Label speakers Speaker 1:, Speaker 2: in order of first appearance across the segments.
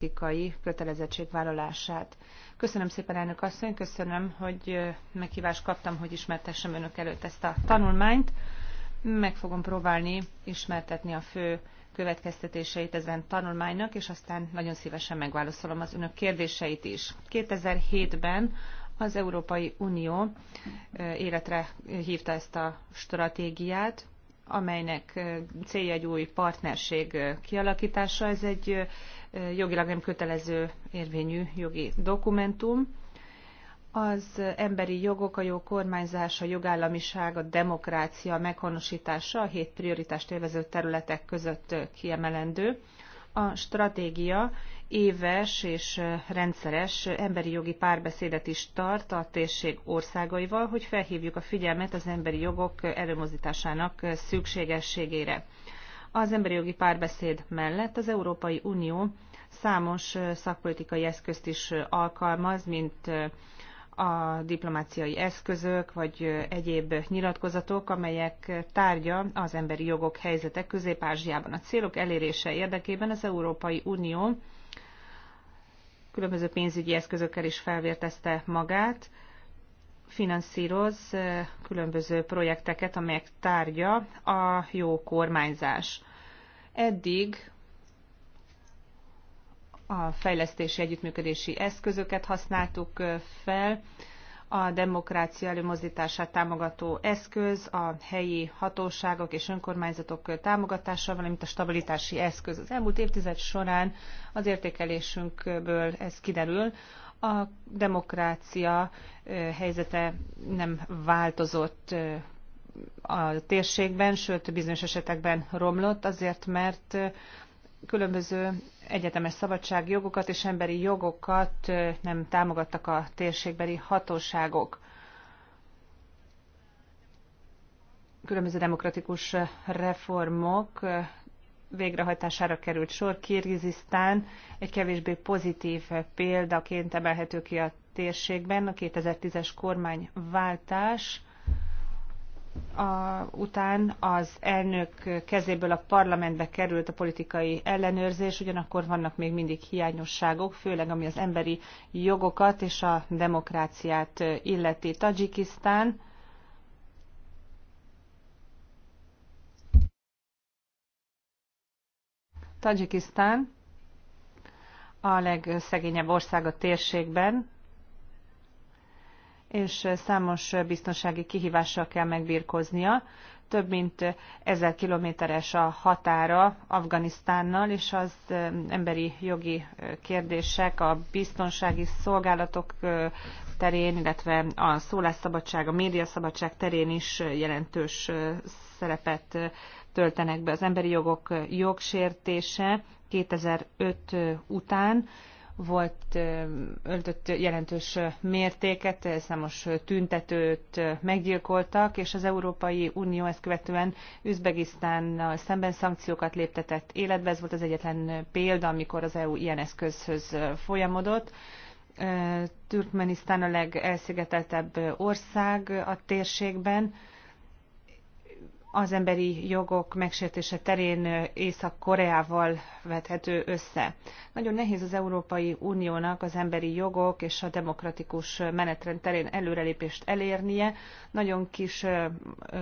Speaker 1: politikai kötelezettségvállalását. Köszönöm szépen, elnök asszony, köszönöm, hogy meghívást kaptam, hogy ismertessem önök előtt ezt a tanulmányt. Meg fogom próbálni ismertetni a fő következtetéseit ezen tanulmánynak, és aztán nagyon szívesen megválaszolom az önök kérdéseit is. 2007-ben az Európai Unió életre hívta ezt a stratégiát, amelynek célja egy új partnerség kialakítása. Ez egy jogilag nem kötelező érvényű jogi dokumentum. Az emberi jogok, a jó kormányzás, a jogállamiság, a demokrácia, a meghonosítása a hét prioritást élvező területek között kiemelendő. A stratégia éves és rendszeres emberi jogi párbeszédet is tart a térség országaival, hogy felhívjuk a figyelmet az emberi jogok előmozdításának szükségességére. Az emberi jogi párbeszéd mellett az Európai Unió számos szakpolitikai eszközt is alkalmaz, mint a diplomáciai eszközök vagy egyéb nyilatkozatok, amelyek tárgya az emberi jogok helyzete Közép-Ázsiában. A célok elérése érdekében az Európai Unió különböző pénzügyi eszközökkel is felvértezte magát, finanszíroz különböző projekteket, amelyek tárgya a jó kormányzás. Eddig a fejlesztési együttműködési eszközöket használtuk fel, a demokrácia előmozdítását támogató eszköz, a helyi hatóságok és önkormányzatok támogatása, valamint a stabilitási eszköz. Az elmúlt évtized során az értékelésünkből ez kiderül, a demokrácia helyzete nem változott a térségben, sőt bizonyos esetekben romlott, azért mert különböző egyetemes szabadságjogokat és emberi jogokat nem támogattak a térségbeli hatóságok. Különböző demokratikus reformok végrehajtására került sor. Kirgizisztán egy kevésbé pozitív példaként emelhető ki a térségben. A 2010-es kormányváltás a, után az elnök kezéből a parlamentbe került a politikai ellenőrzés, ugyanakkor vannak még mindig hiányosságok, főleg ami az emberi jogokat és a demokráciát illeti. Tajikisztán Tajikisztán a legszegényebb ország a térségben, és számos biztonsági kihívással kell megbírkoznia. Több mint ezer kilométeres a határa Afganisztánnal, és az emberi jogi kérdések, a biztonsági szolgálatok terén, illetve a szólásszabadság, a médiaszabadság terén is jelentős szerepet töltenek be. Az emberi jogok jogsértése 2005 után volt, öltött jelentős mértéket, számos tüntetőt meggyilkoltak, és az Európai Unió ezt követően Üzbegisztán szemben szankciókat léptetett életbe. Ez volt az egyetlen példa, amikor az EU ilyen eszközhöz folyamodott. Türkmenisztán a legelszigeteltebb ország a térségben, az emberi jogok megsértése terén Észak-Koreával vethető össze. Nagyon nehéz az Európai Uniónak az emberi jogok és a demokratikus menetrend terén előrelépést elérnie. Nagyon kis ö, ö,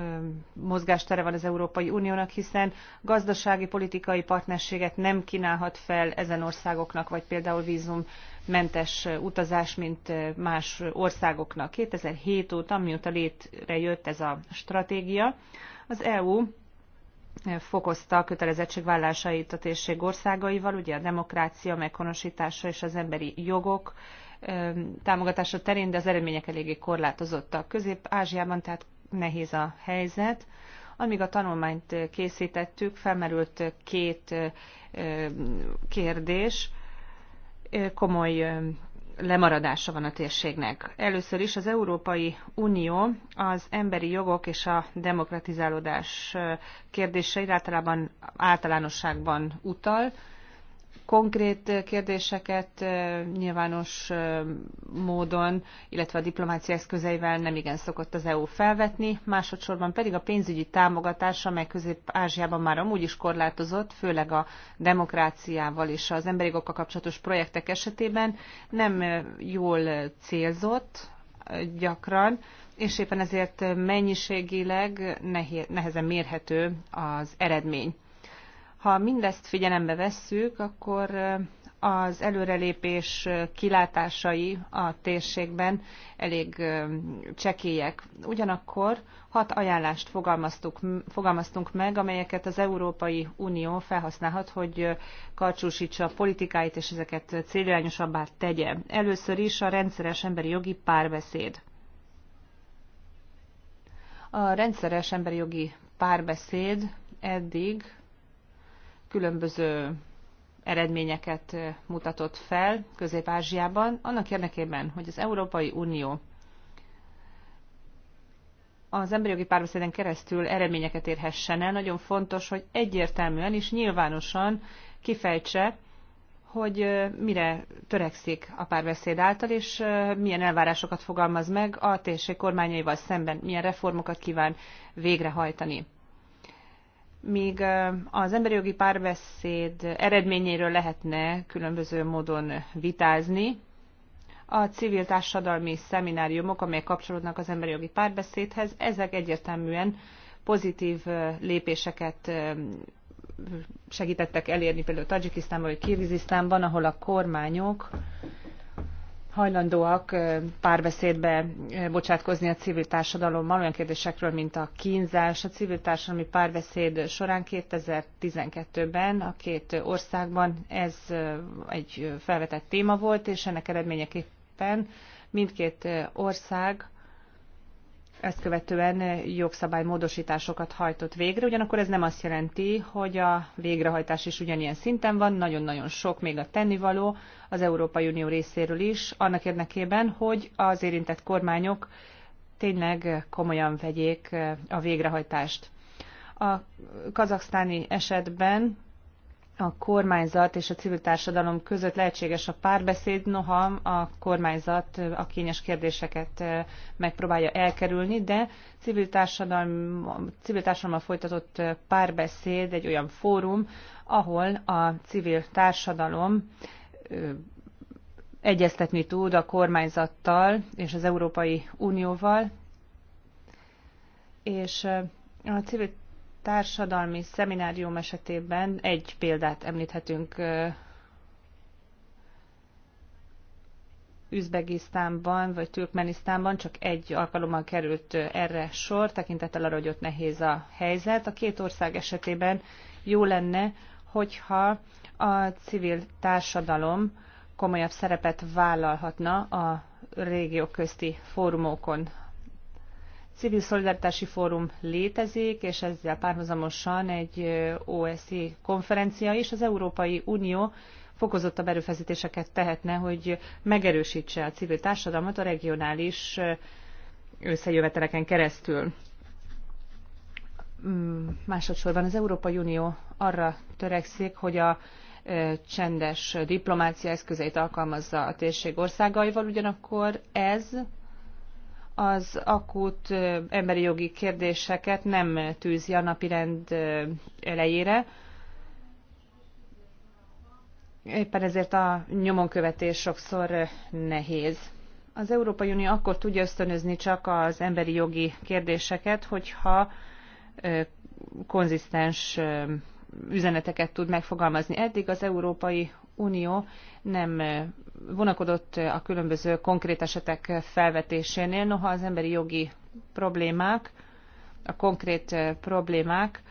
Speaker 1: mozgástere van az Európai Uniónak, hiszen gazdasági, politikai partnerséget nem kínálhat fel ezen országoknak, vagy például vízum mentes utazás, mint más országoknak. 2007 óta, amióta létrejött ez a stratégia, az EU eh, fokozta a kötelezettségvállásait a térség országaival, ugye a demokrácia meghonosítása és az emberi jogok eh, támogatása terén, de az eredmények eléggé korlátozottak. Közép-Ázsiában tehát nehéz a helyzet. Amíg a tanulmányt eh, készítettük, felmerült két kérdés, komoly lemaradása van a térségnek. Először is az Európai Unió az emberi jogok és a demokratizálódás kérdéseire általában általánosságban utal, konkrét kérdéseket nyilvános módon, illetve a diplomácia eszközeivel nem igen szokott az EU felvetni, másodszorban pedig a pénzügyi támogatás, amely Közép-Ázsiában már amúgy is korlátozott, főleg a demokráciával és az emberi jogokkal kapcsolatos projektek esetében nem jól célzott gyakran, és éppen ezért mennyiségileg nehezen mérhető az eredmény. Ha mindezt figyelembe vesszük, akkor az előrelépés kilátásai a térségben elég csekélyek. Ugyanakkor hat ajánlást fogalmaztunk meg, amelyeket az Európai Unió felhasználhat, hogy karcsúsítsa a politikáit és ezeket célirányosabbá tegye. Először is a rendszeres emberi jogi párbeszéd. A rendszeres emberi jogi párbeszéd eddig különböző eredményeket mutatott fel Közép-Ázsiában, annak érdekében, hogy az Európai Unió az emberi jogi párbeszéden keresztül eredményeket érhessen el, nagyon fontos, hogy egyértelműen és nyilvánosan kifejtse, hogy mire törekszik a párbeszéd által, és milyen elvárásokat fogalmaz meg a térség kormányaival szemben, milyen reformokat kíván végrehajtani. Míg az emberi jogi párbeszéd eredményéről lehetne különböző módon vitázni, a civil társadalmi szemináriumok, amelyek kapcsolódnak az emberi jogi párbeszédhez, ezek egyértelműen pozitív lépéseket segítettek elérni például Tajikisztánban vagy Kirgizisztánban, ahol a kormányok hajlandóak párbeszédbe bocsátkozni a civil társadalommal olyan kérdésekről, mint a kínzás. A civil társadalmi párbeszéd során 2012-ben a két országban ez egy felvetett téma volt, és ennek eredményeképpen mindkét ország ezt követően jogszabálymódosításokat hajtott végre, ugyanakkor ez nem azt jelenti, hogy a végrehajtás is ugyanilyen szinten van, nagyon-nagyon sok még a tennivaló az Európai Unió részéről is, annak érdekében, hogy az érintett kormányok tényleg komolyan vegyék eh, a végrehajtást. A kazaksztáni esetben a kormányzat és a civil társadalom között lehetséges a párbeszéd, noha a kormányzat a kényes kérdéseket megpróbálja elkerülni, de civil, társadalom, civil társadalommal folytatott párbeszéd egy olyan fórum, ahol a civil társadalom egyeztetni tud a kormányzattal és az Európai Unióval, és a civil társadalmi szeminárium esetében egy példát említhetünk Üzbegisztánban vagy Türkmenisztánban csak egy alkalommal került erre sor, tekintettel arra, hogy ott nehéz a helyzet. A két ország esetében jó lenne, hogyha a civil társadalom komolyabb szerepet vállalhatna a régió közti fórumokon civil szolidaritási fórum létezik, és ezzel párhuzamosan egy OSZI konferencia is. Az Európai Unió fokozottabb erőfeszítéseket tehetne, hogy megerősítse a civil társadalmat a regionális összejöveteleken keresztül. Mm, másodszorban az Európai Unió arra törekszik, hogy a csendes diplomácia eszközeit alkalmazza a térség országaival, ugyanakkor ez az akut emberi jogi kérdéseket nem tűzi a napirend elejére. Éppen ezért a nyomonkövetés sokszor nehéz. Az Európai Unió akkor tudja ösztönözni csak az emberi jogi kérdéseket, hogyha konzisztens üzeneteket tud megfogalmazni. Eddig az Európai Unió nem eh, vonakodott a különböző konkrét esetek felvetésénél, noha az emberi jogi problémák, a konkrét eh, problémák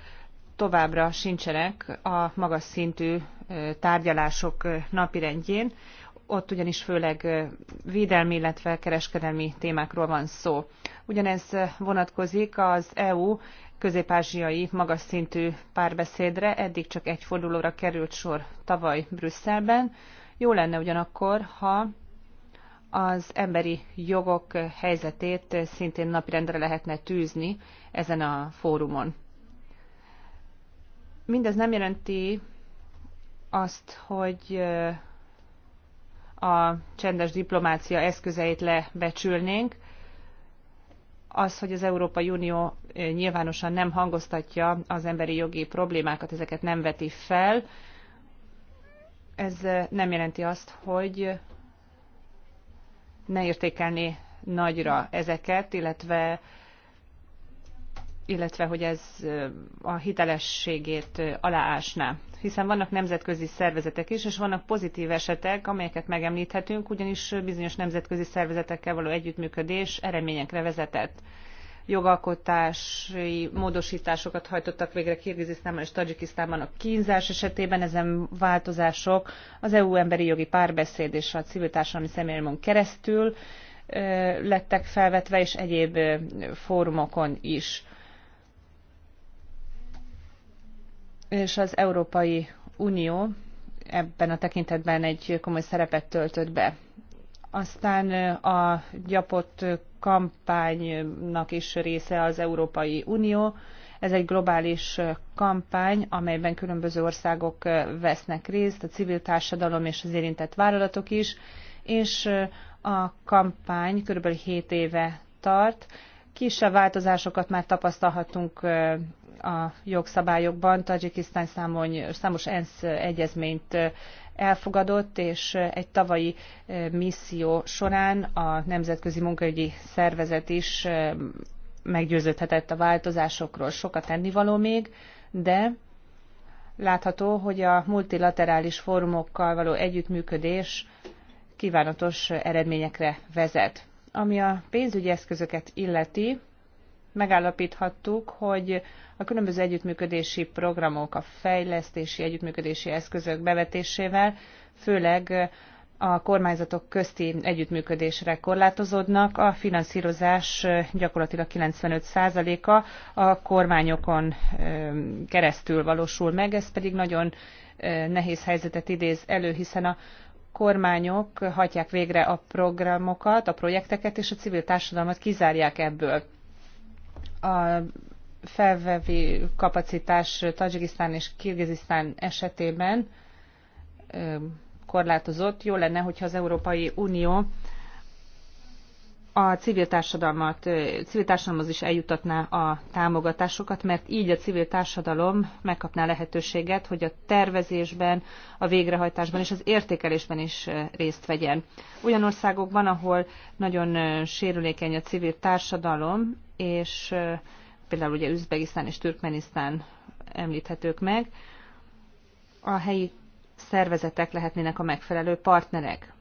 Speaker 1: továbbra sincsenek a magas szintű eh, tárgyalások napirendjén ott ugyanis főleg védelmi, illetve kereskedelmi témákról van szó. Ugyanez vonatkozik az EU közép-ázsiai magas szintű párbeszédre, eddig csak egy fordulóra került sor tavaly Brüsszelben. Jó lenne ugyanakkor, ha az emberi jogok helyzetét szintén napirendre lehetne tűzni ezen a fórumon. Mindez nem jelenti azt, hogy a csendes diplomácia eszközeit lebecsülnénk. Az, hogy az Európai Unió eh, nyilvánosan nem hangoztatja az emberi jogi problémákat, ezeket nem veti fel, ez eh, nem jelenti azt, hogy ne értékelni nagyra ezeket, illetve illetve hogy ez a hitelességét aláásná. Hiszen vannak nemzetközi szervezetek is, és vannak pozitív esetek, amelyeket megemlíthetünk, ugyanis bizonyos nemzetközi szervezetekkel való együttműködés eredményekre vezetett. Jogalkotási módosításokat hajtottak végre Kirgizisztánban és Tajikisztánban a kínzás esetében, ezen változások az EU emberi jogi párbeszéd és a civil társadalmi személyemon keresztül lettek felvetve, és egyéb fórumokon is és az Európai Unió ebben a tekintetben egy komoly szerepet töltött be. Aztán a gyapott kampánynak is része az Európai Unió. Ez egy globális kampány, amelyben különböző országok vesznek részt, a civil társadalom és az érintett vállalatok is, és a kampány kb. 7 éve tart. Kisebb változásokat már tapasztalhatunk a jogszabályokban. Tajikisztán számos ENSZ egyezményt elfogadott, és egy tavalyi misszió során a Nemzetközi Munkaügyi Szervezet is meggyőződhetett a változásokról. Sokat tennivaló még, de látható, hogy a multilaterális fórumokkal való együttműködés kívánatos eredményekre vezet. Ami a pénzügyi eszközöket illeti, megállapíthattuk, hogy a különböző együttműködési programok, a fejlesztési együttműködési eszközök bevetésével, főleg a kormányzatok közti együttműködésre korlátozódnak, a finanszírozás gyakorlatilag 95%-a a kormányokon keresztül valósul meg, ez pedig nagyon nehéz helyzetet idéz elő, hiszen a kormányok hagyják végre a programokat, a projekteket, és a civil társadalmat kizárják ebből a felvevi kapacitás Tajikisztán és Kirgizisztán esetében korlátozott. Jó lenne, hogyha az Európai Unió a civil, társadalmat, civil társadalomhoz is eljutatná a támogatásokat, mert így a civil társadalom megkapná lehetőséget, hogy a tervezésben, a végrehajtásban és az értékelésben is részt vegyen. Olyan országokban, ahol nagyon sérülékeny a civil társadalom, és például ugye Üzbegisztán és Türkmenisztán említhetők meg, a helyi szervezetek lehetnének a megfelelő partnerek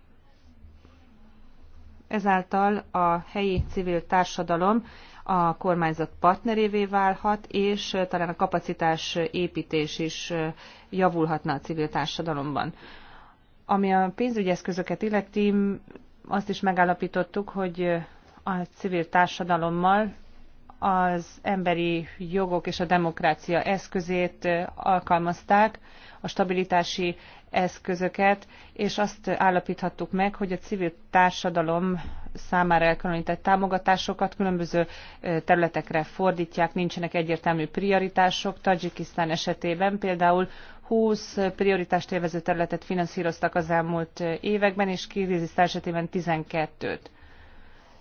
Speaker 1: Ezáltal a helyi civil társadalom a kormányzat partnerévé válhat, és talán a kapacitás építés is javulhatna a civil társadalomban. Ami a pénzügyi eszközöket illeti, azt is megállapítottuk, hogy a civil társadalommal az emberi jogok és a demokrácia eszközét alkalmazták, a stabilitási eszközöket, és azt állapíthattuk meg, hogy a civil társadalom számára elkülönített támogatásokat különböző területekre fordítják, nincsenek egyértelmű prioritások. Tajikisztán esetében például 20 prioritást élvező területet finanszíroztak az elmúlt években, és Kirgizisztán esetében 12-t.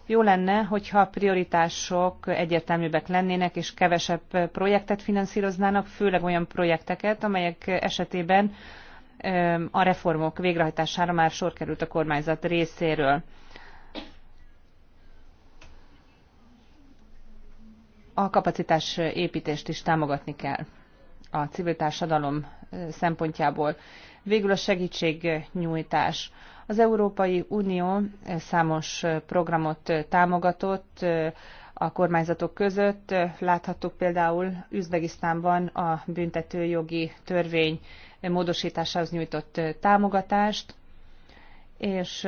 Speaker 1: Jó lenne, hogyha a prioritások egyértelműbbek lennének, és kevesebb projektet finanszíroznának, főleg olyan projekteket, amelyek esetében a reformok végrehajtására már sor került a kormányzat részéről. A kapacitás építést is támogatni kell a civil társadalom szempontjából. Végül a segítségnyújtás. Az Európai Unió eh, számos eh, programot eh, támogatott a kormányzatok között. Láthattuk például Üzbegisztánban a büntetőjogi törvény módosításához nyújtott támogatást, és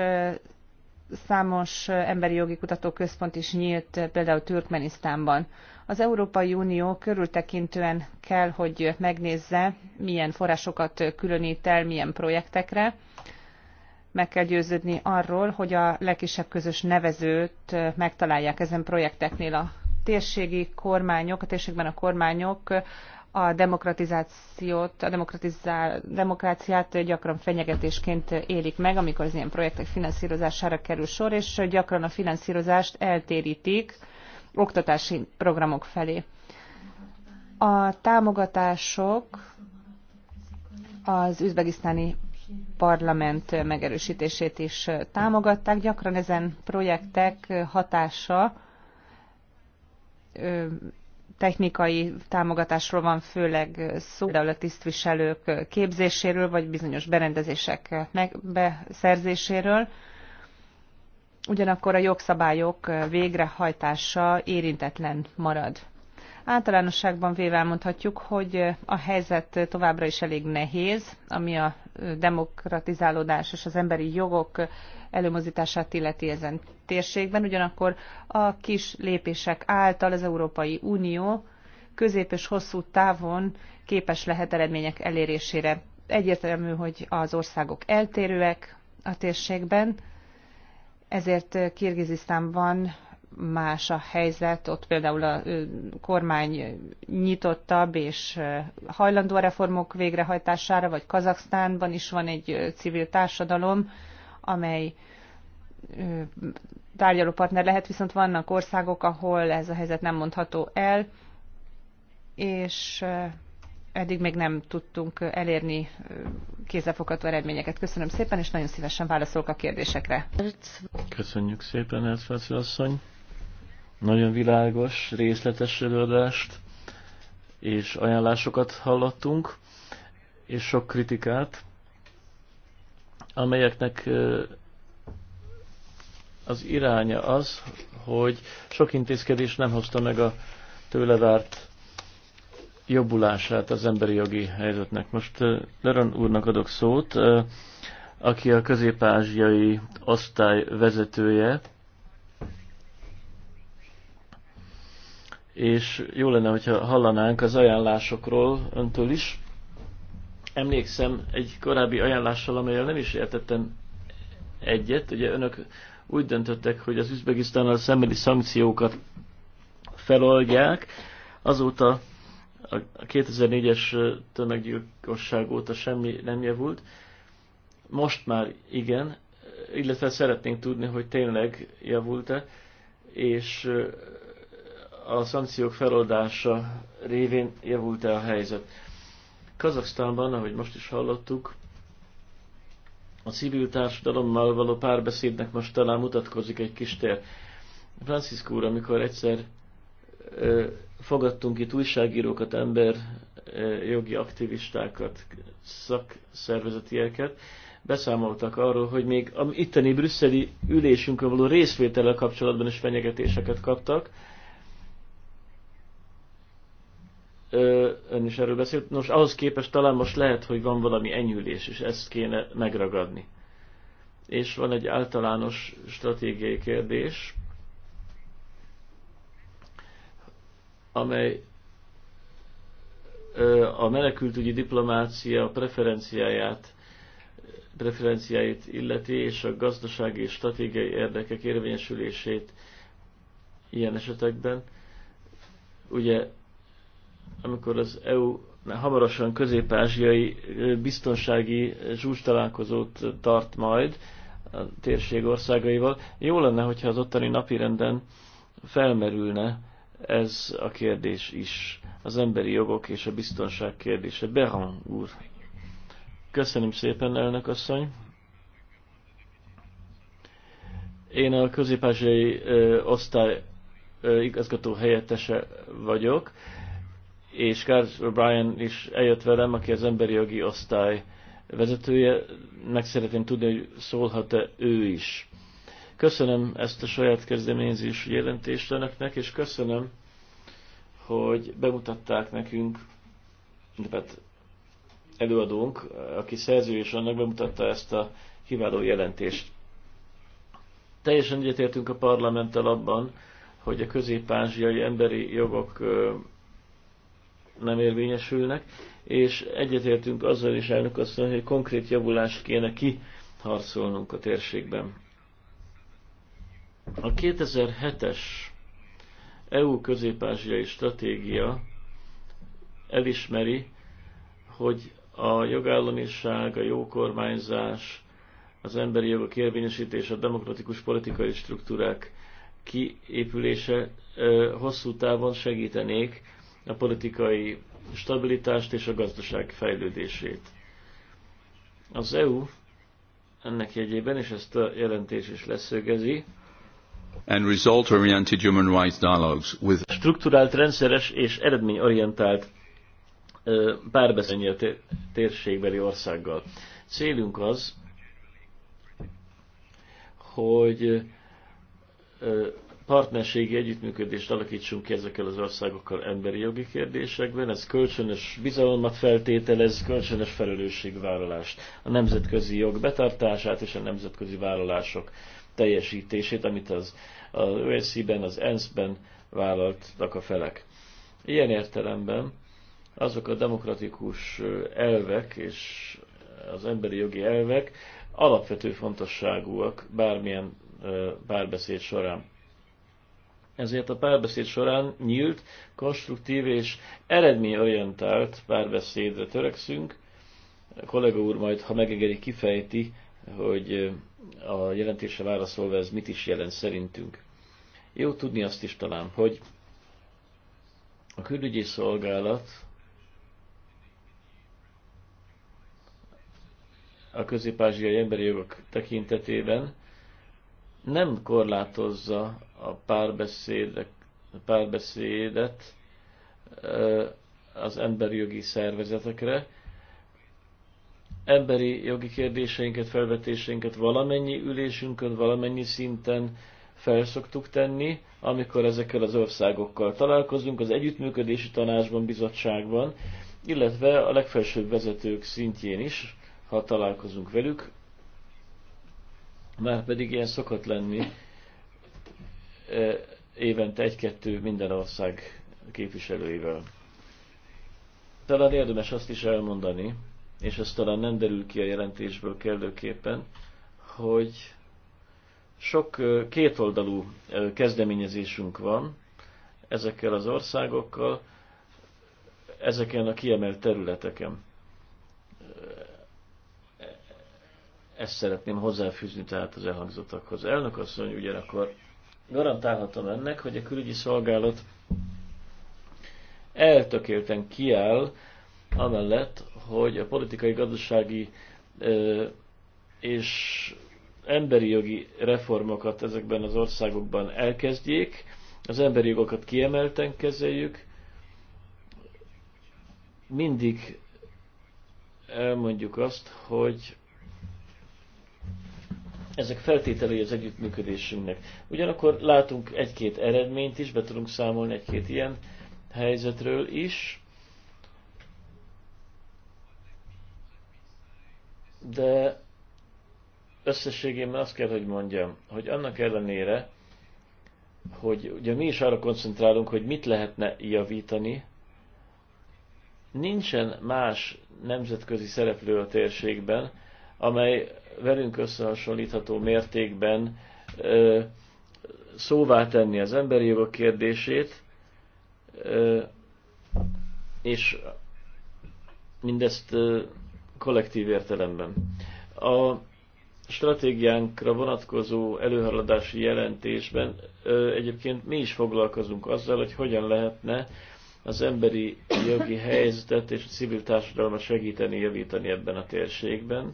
Speaker 1: számos emberi jogi kutatóközpont is nyílt például Türkmenisztánban. Az Európai Unió körültekintően kell, hogy megnézze, milyen forrásokat különít el, milyen projektekre, meg kell győződni arról, hogy a legkisebb közös nevezőt megtalálják ezen projekteknél a térségi kormányok, a térségben a kormányok a demokratizációt, a demokratizál, demokráciát gyakran fenyegetésként élik meg, amikor az ilyen projektek finanszírozására kerül sor, és gyakran a finanszírozást eltérítik oktatási programok felé. A támogatások az üzbegisztáni parlament megerősítését is támogatták. Gyakran ezen projektek hatása technikai támogatásról van főleg szó, például a tisztviselők képzéséről, vagy bizonyos berendezések beszerzéséről. Ugyanakkor a jogszabályok végrehajtása érintetlen marad. Általánosságban véve mondhatjuk, hogy a helyzet továbbra is elég nehéz, ami a demokratizálódás és az emberi jogok előmozítását illeti ezen térségben, ugyanakkor a kis lépések által az Európai Unió közép és hosszú távon képes lehet eredmények elérésére. Egyértelmű, hogy az országok eltérőek a térségben, ezért Kirgizisztánban más a helyzet, ott például a kormány nyitottabb és hajlandó a reformok végrehajtására, vagy Kazaksztánban is van egy civil társadalom, amely partner lehet, viszont vannak országok, ahol ez a helyzet nem mondható el, és eddig még nem tudtunk elérni kézzelfogható eredményeket. Köszönöm szépen, és nagyon szívesen válaszolok a kérdésekre.
Speaker 2: Köszönjük szépen, Elfáci asszony. Nagyon világos, részletes előadást és ajánlásokat hallottunk, és sok kritikát, amelyeknek az iránya az, hogy sok intézkedés nem hozta meg a tőle várt jobbulását az emberi jogi helyzetnek. Most Leron úrnak adok szót, aki a közép-ázsiai osztály vezetője, és jó lenne, hogyha hallanánk az ajánlásokról öntől is. Emlékszem egy korábbi ajánlással, amelyel nem is értettem egyet. Ugye önök úgy döntöttek, hogy az Üzbegisztánnal szembeni szankciókat feloldják. Azóta a 2004-es tömeggyilkosság óta semmi nem javult. Most már igen, illetve szeretnénk tudni, hogy tényleg javult-e, és a szankciók feloldása révén javult-e a helyzet. Kazaksztánban, ahogy most is hallottuk, a civil társadalommal való párbeszédnek most talán mutatkozik egy kis tér. Franciszk úr, amikor egyszer ö, fogadtunk itt újságírókat, ember ö, jogi aktivistákat, szakszervezetieket, beszámoltak arról, hogy még a itteni brüsszeli ülésünkön való részvétellel kapcsolatban is fenyegetéseket kaptak, ön is erről beszélt, nos, ahhoz képest talán most lehet, hogy van valami enyűlés és ezt kéne megragadni. És van egy általános stratégiai kérdés, amely a menekültügyi diplomácia preferenciáját preferenciáit illeti, és a gazdasági és stratégiai érdekek érvényesülését ilyen esetekben. Ugye amikor az EU hamarosan közép-ázsiai biztonsági zsúcs találkozót tart majd a térség országaival, jó lenne, hogyha az ottani napirenden felmerülne ez a kérdés is, az emberi jogok és a biztonság kérdése. Beran úr. Köszönöm szépen, elnök asszony. Én a közép-ázsiai osztály ö, igazgató helyettese vagyok és Garth O'Brien is eljött velem, aki az emberi jogi osztály vezetője, meg szeretném tudni, hogy szólhat-e ő is. Köszönöm ezt a saját kezdeményezésű jelentést önöknek, és köszönöm, hogy bemutatták nekünk, hát előadónk, aki szerző és annak bemutatta ezt a kiváló jelentést. Teljesen egyetértünk a parlamenttel abban, hogy a közép-ázsiai emberi jogok nem érvényesülnek, és egyetértünk azzal is elnök azt mondani, hogy konkrét javulást kéne kiharcolnunk a térségben. A 2007-es EU közép-ázsiai stratégia elismeri, hogy a jogállamiság, a jó kormányzás, az emberi jogok érvényesítése, a demokratikus politikai struktúrák kiépülése hosszú távon segítenék a politikai stabilitást és a gazdaság fejlődését. Az EU ennek jegyében, és ezt a jelentés is leszögezi,
Speaker 3: and result-oriented human rights dialogues with
Speaker 2: strukturált, rendszeres és eredményorientált párbeszélni a térségbeli országgal. Célunk az, hogy partnerségi együttműködést alakítsunk ki ezekkel az országokkal emberi jogi kérdésekben. Ez kölcsönös bizalmat feltételez, kölcsönös felelősségvállalást, a nemzetközi jog betartását és a nemzetközi vállalások teljesítését, amit az, az OSZ-ben, az ENSZ-ben vállaltak a felek. Ilyen értelemben azok a demokratikus elvek és az emberi jogi elvek alapvető fontosságúak bármilyen párbeszéd során ezért a párbeszéd során nyílt, konstruktív és eredményorientált párbeszédre törekszünk. A kollega úr majd, ha megengedi, kifejti, hogy a jelentése válaszolva ez mit is jelent szerintünk. Jó tudni azt is talán, hogy a külügyi szolgálat a közép-ázsiai emberi jogok tekintetében nem korlátozza a párbeszédek, párbeszédet az emberi jogi szervezetekre. Emberi jogi kérdéseinket, felvetéseinket valamennyi ülésünkön, valamennyi szinten felszoktuk tenni, amikor ezekkel az országokkal találkozunk, az együttműködési tanácsban, bizottságban, illetve a legfelsőbb vezetők szintjén is, ha találkozunk velük, már pedig ilyen szokott lenni E, évente egy-kettő minden ország képviselőivel. Talán érdemes azt is elmondani, és ez talán nem derül ki a jelentésből kellőképpen, hogy sok e, kétoldalú e, kezdeményezésünk van ezekkel az országokkal, ezeken a kiemelt területeken. Ezt szeretném hozzáfűzni tehát az elhangzottakhoz. Elnök asszony ugyanakkor garantálhatom ennek, hogy a külügyi szolgálat eltökélten kiáll amellett, hogy a politikai, gazdasági és emberi jogi reformokat ezekben az országokban elkezdjék, az emberi jogokat kiemelten kezeljük, mindig elmondjuk azt, hogy ezek feltételei az együttműködésünknek. Ugyanakkor látunk egy-két eredményt is, be tudunk számolni egy-két ilyen helyzetről is, de összességében azt kell, hogy mondjam, hogy annak ellenére, hogy ugye mi is arra koncentrálunk, hogy mit lehetne javítani, nincsen más nemzetközi szereplő a térségben, amely velünk összehasonlítható mértékben szóvá tenni az emberi jogok kérdését, és mindezt kollektív értelemben. A stratégiánkra vonatkozó előhaladási jelentésben egyébként mi is foglalkozunk azzal, hogy hogyan lehetne az emberi jogi helyzetet és a civil társadalmat segíteni, javítani ebben a térségben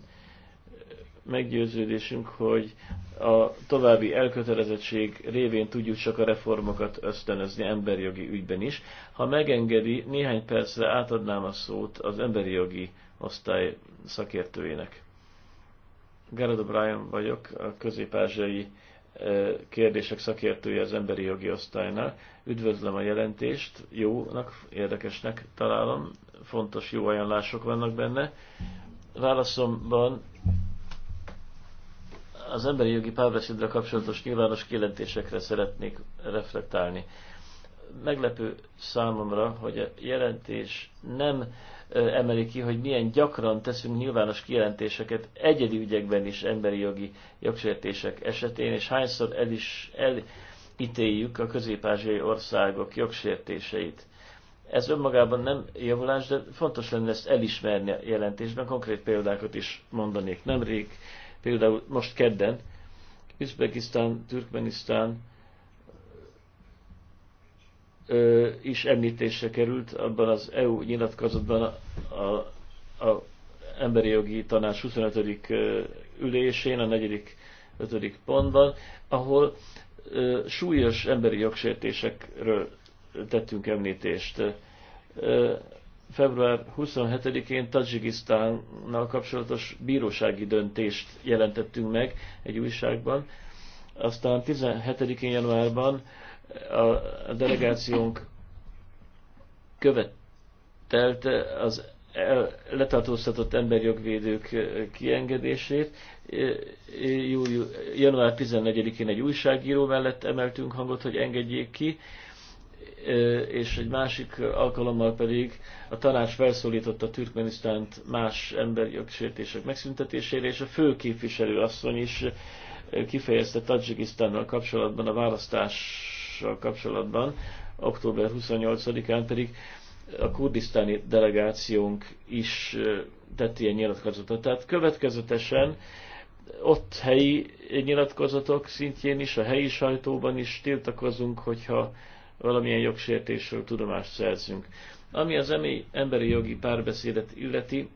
Speaker 2: meggyőződésünk, hogy a további elkötelezettség révén tudjuk csak a reformokat ösztönözni emberi jogi ügyben is. Ha megengedi, néhány percre átadnám a szót az emberi jogi osztály szakértőjének. Gerard O'Brien vagyok, a közép e, kérdések szakértője az emberi jogi osztálynál. Üdvözlöm a jelentést, jónak, érdekesnek találom, fontos jó ajánlások vannak benne. Válaszomban az emberi jogi párbeszédre kapcsolatos nyilvános kijelentésekre szeretnék reflektálni. Meglepő számomra, hogy a jelentés nem emeli ki, hogy milyen gyakran teszünk nyilvános kijelentéseket egyedi ügyekben is emberi jogi jogsértések esetén, és hányszor el is elítéljük a közép-ázsiai országok jogsértéseit. Ez önmagában nem javulás, de fontos lenne ezt elismerni a jelentésben. Konkrét példákat is mondanék. Nemrég Például most kedden Üzbegisztán, Türkmenisztán ö, is említésre került abban az EU nyilatkozatban a, a, a emberi jogi tanács 25. ülésén, a 4. 5. pontban, ahol ö, súlyos emberi jogsértésekről tettünk említést. Ö, február 27-én Tajikisztánnal kapcsolatos bírósági döntést jelentettünk meg egy újságban. Aztán 17-én januárban a delegációnk követelte az letartóztatott emberjogvédők eh, kiengedését. Eh, január 14-én egy újságíró mellett emeltünk hangot, hogy engedjék ki és egy másik alkalommal pedig a tanács felszólította Türkmenisztánt más emberi jogsértések megszüntetésére, és a fő képviselő asszony is kifejezte Tadzsikisztánnal kapcsolatban, a választással kapcsolatban, október 28-án pedig a kurdisztáni delegációnk is tett ilyen nyilatkozatot. Tehát következetesen ott helyi nyilatkozatok szintjén is, a helyi sajtóban is tiltakozunk, hogyha valamilyen jogsértésről tudomást szerzünk. Ami az emberi jogi párbeszédet illeti,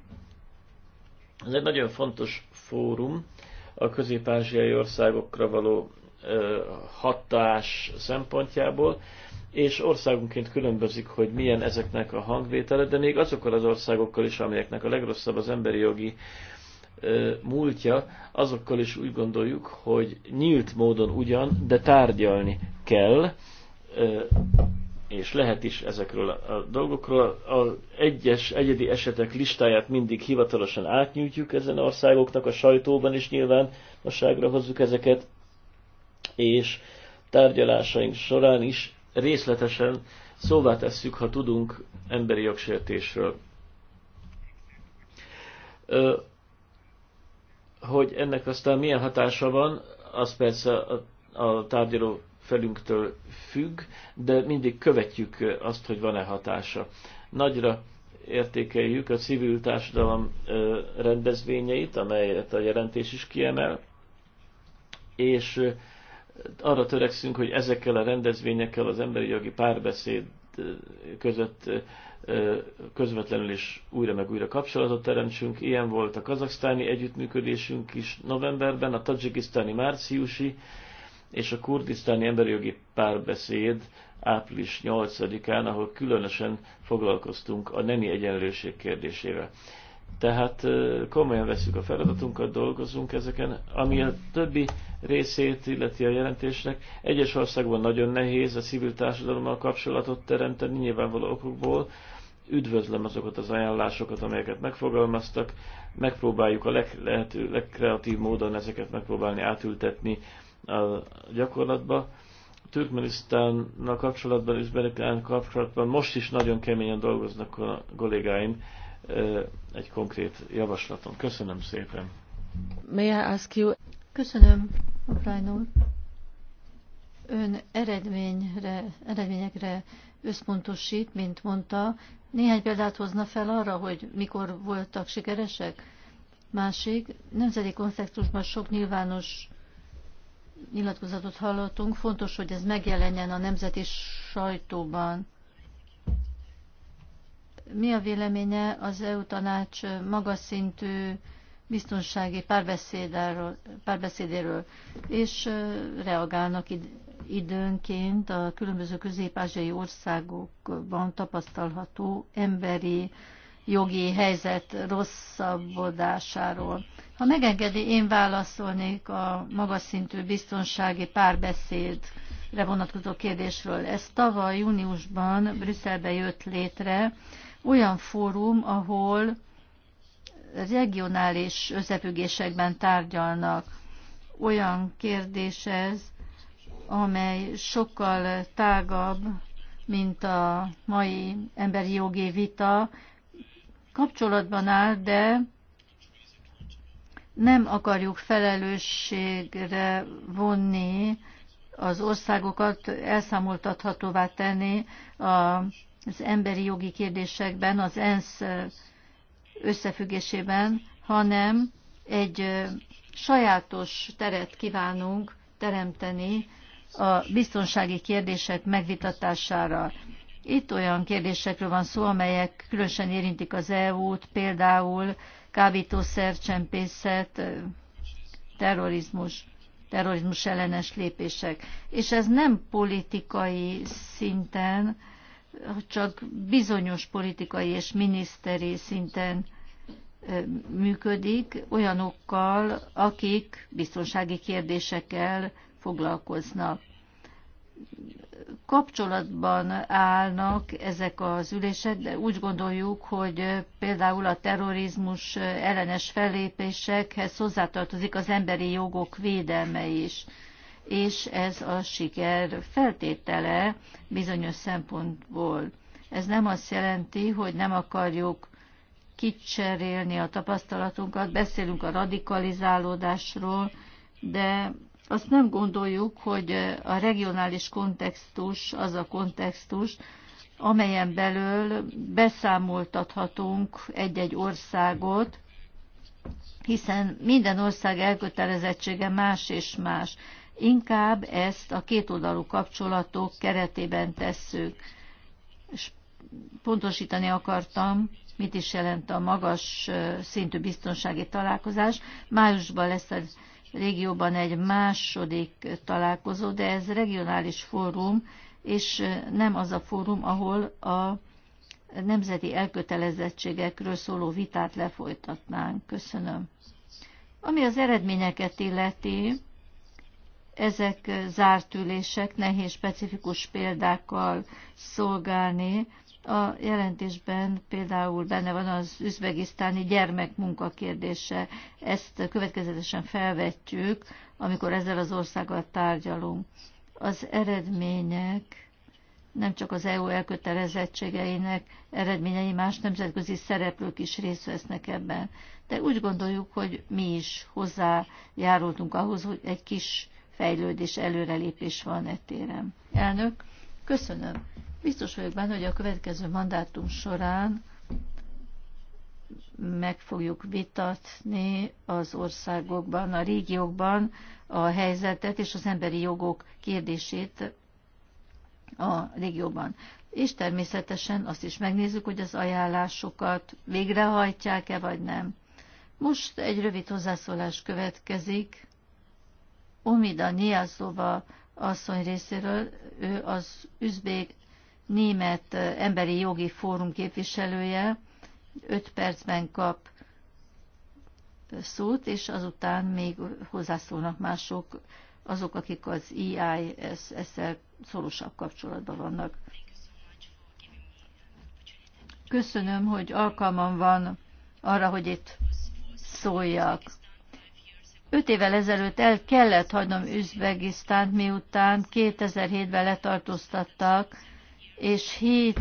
Speaker 2: ez egy nagyon fontos fórum a közép-ázsiai országokra való hatás szempontjából, és országunként különbözik, hogy milyen ezeknek a hangvétele, de még azokkal az országokkal is, amelyeknek a legrosszabb az emberi jogi múltja, azokkal is úgy gondoljuk, hogy nyílt módon ugyan, de tárgyalni kell, és lehet is ezekről a dolgokról. A egyes egyedi esetek listáját mindig hivatalosan átnyújtjuk ezen országoknak a sajtóban, is nyilván nosságra hozzuk ezeket, és tárgyalásaink során is részletesen szóvá tesszük, ha tudunk emberi jogsértésről. hogy ennek aztán milyen hatása van, az persze a, a tárgyaló felünktől függ, de mindig követjük azt, hogy van-e hatása. Nagyra értékeljük a civil társadalom rendezvényeit, amelyet a jelentés is kiemel, és arra törekszünk, hogy ezekkel a rendezvényekkel az emberi jogi párbeszéd között közvetlenül is újra meg újra kapcsolatot teremtsünk. Ilyen volt a kazaksztáni együttműködésünk is novemberben, a tajikisztáni márciusi és a kurdisztáni emberi jogi párbeszéd április 8-án, ahol különösen foglalkoztunk a nemi egyenlőség kérdésével. Tehát komolyan veszük a feladatunkat, dolgozunk ezeken. Ami a többi részét illeti a jelentésnek, egyes országban nagyon nehéz a civil társadalommal kapcsolatot teremteni, nyilvánvaló okokból. Üdvözlöm azokat az ajánlásokat, amelyeket megfogalmaztak. Megpróbáljuk a leg, lehető legkreatív módon ezeket megpróbálni átültetni a gyakorlatba. Türkmenisztánnal kapcsolatban, Üzberekán kapcsolatban most is nagyon keményen dolgoznak a kollégáim egy konkrét javaslaton. Köszönöm szépen.
Speaker 3: May I ask you? Köszönöm, Ukrajn úr. Ön eredményre, eredményekre összpontosít, mint mondta. Néhány példát hozna fel arra, hogy mikor voltak sikeresek? Másik, nemzeti konfliktusban sok nyilvános nyilatkozatot hallottunk. Fontos, hogy ez megjelenjen a nemzeti sajtóban. Mi a véleménye az EU tanács magas szintű biztonsági párbeszédéről, és reagálnak időnként a különböző közép-ázsiai országokban tapasztalható emberi jogi helyzet rosszabbodásáról. Ha megengedi, én válaszolnék a magas szintű biztonsági párbeszédre vonatkozó kérdésről. Ez tavaly júniusban Brüsszelbe jött létre olyan fórum, ahol regionális összefüggésekben tárgyalnak. Olyan kérdés ez, amely sokkal tágabb, mint a mai emberi jogi vita, kapcsolatban áll, de nem akarjuk felelősségre vonni az országokat, elszámoltathatóvá tenni az emberi jogi kérdésekben, az ENSZ összefüggésében, hanem egy sajátos teret kívánunk teremteni a biztonsági kérdések megvitatására. Itt olyan kérdésekről van szó, amelyek különösen érintik az EU-t, például kábítószercsempészet, terrorizmus, terrorizmus ellenes lépések. És ez nem politikai szinten, csak bizonyos politikai és miniszteri szinten működik olyanokkal, akik biztonsági kérdésekkel foglalkoznak kapcsolatban állnak ezek az ülések, de úgy gondoljuk, hogy például a terrorizmus ellenes fellépésekhez hozzátartozik az emberi jogok védelme is, és ez a siker feltétele bizonyos szempontból. Ez nem azt jelenti, hogy nem akarjuk kicserélni a tapasztalatunkat, beszélünk a radikalizálódásról, de azt nem gondoljuk, hogy a regionális kontextus az a kontextus, amelyen belül beszámoltathatunk egy-egy országot, hiszen minden ország elkötelezettsége más és más. Inkább ezt a kétoldalú kapcsolatok keretében tesszük. És pontosítani akartam, mit is jelent a magas szintű biztonsági találkozás. Májusban lesz az régióban egy második találkozó, de ez regionális fórum, és nem az a fórum, ahol a nemzeti elkötelezettségekről szóló vitát lefolytatnánk. Köszönöm. Ami az eredményeket illeti, ezek zárt ülések, nehéz specifikus példákkal szolgálni, a jelentésben például benne van az üzbegisztáni gyermekmunka kérdése. Ezt következetesen felvetjük, amikor ezzel az országgal tárgyalunk. Az eredmények nem csak az EU elkötelezettségeinek eredményei, más nemzetközi szereplők is részt vesznek ebben. De úgy gondoljuk, hogy mi is hozzájárultunk ahhoz, hogy egy kis fejlődés, előrelépés van e téren. Elnök, köszönöm. Biztos vagyok benne, hogy a következő mandátum során meg fogjuk vitatni az országokban, a régiókban a helyzetet és az emberi jogok kérdését a régióban. És természetesen azt is megnézzük, hogy az ajánlásokat végrehajtják-e vagy nem. Most egy rövid hozzászólás következik. Omida Niazova asszony részéről, ő az üzbék német emberi jogi fórum képviselője 5 percben kap szót, és azután még hozzászólnak mások, azok, akik az EIS-szel szorosabb kapcsolatban vannak. Köszönöm, hogy alkalmam van arra, hogy itt szóljak. Öt évvel ezelőtt el kellett hagynom Üzbegisztánt, miután 2007-ben letartóztattak és 7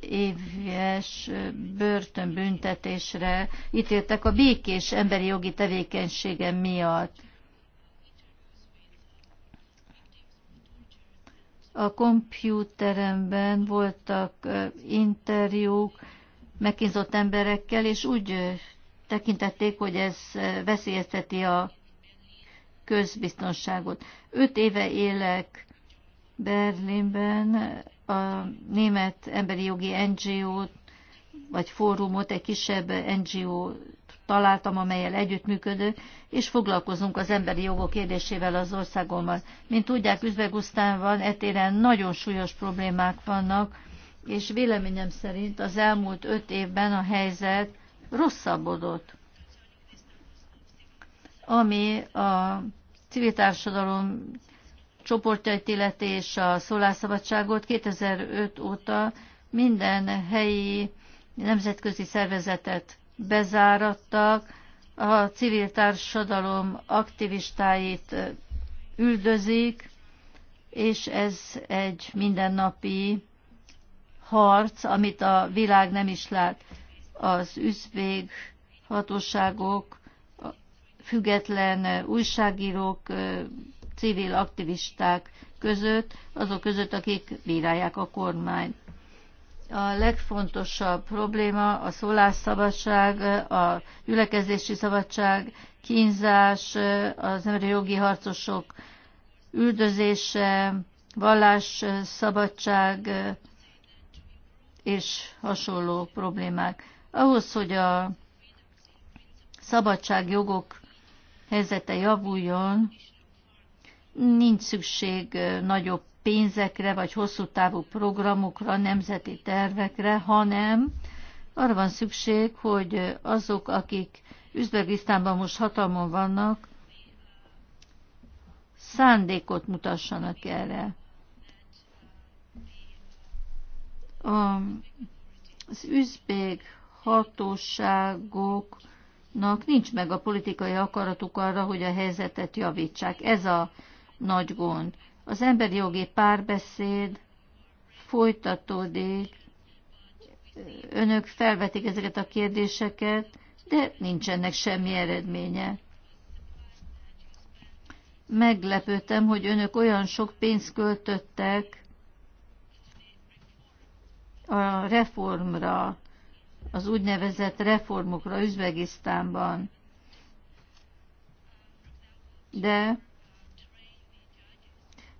Speaker 3: éves börtönbüntetésre ítéltek a békés emberi jogi tevékenysége miatt. A kompjúteremben voltak interjúk megkínzott emberekkel, és úgy tekintették, hogy ez veszélyezteti a közbiztonságot. Öt éve élek Berlinben, a német emberi jogi ngo vagy fórumot, egy kisebb ngo találtam, amelyel együttműködő, és foglalkozunk az emberi jogok kérdésével az országommal. Mint tudják, van, etéren nagyon súlyos problémák vannak, és véleményem szerint az elmúlt öt évben a helyzet rosszabbodott, ami a civil társadalom illeti és a szólásszabadságot 2005 óta minden helyi nemzetközi szervezetet bezárattak, a civil társadalom aktivistáit üldözik, és ez egy mindennapi harc, amit a világ nem is lát. Az üzvég hatóságok, független újságírók civil aktivisták között, azok között, akik bírálják a kormányt. A legfontosabb probléma a szólásszabadság, a ülekezési szabadság, kínzás, az emberi jogi harcosok üldözése, vallásszabadság és hasonló problémák. Ahhoz, hogy a szabadságjogok helyzete javuljon, nincs szükség nagyobb pénzekre vagy hosszú távú programokra, nemzeti tervekre, hanem arra van szükség, hogy azok, akik Üzbegisztánban most hatalmon vannak, szándékot mutassanak erre. Az üzbég hatóságoknak nincs meg a politikai akaratuk arra, hogy a helyzetet javítsák. Ez a nagy gond. Az emberi jogi párbeszéd folytatódik, önök felvetik ezeket a kérdéseket, de nincsenek semmi eredménye. Meglepődtem, hogy önök olyan sok pénzt költöttek a reformra, az úgynevezett reformokra Üzbegisztánban. De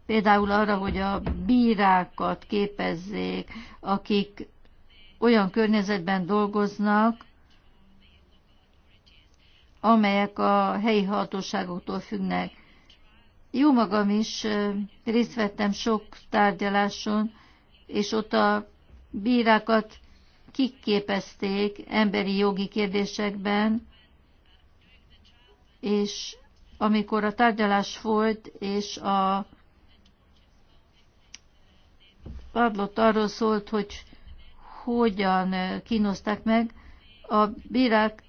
Speaker 3: például arra, hogy a bírákat képezzék, akik olyan környezetben dolgoznak, amelyek a helyi hatóságoktól függnek. Jó magam is részt vettem sok tárgyaláson, és ott a bírákat kiképezték emberi jogi kérdésekben, és amikor a tárgyalás folyt, és a padlott arról szólt, hogy hogyan eh, kínozták meg. A bírák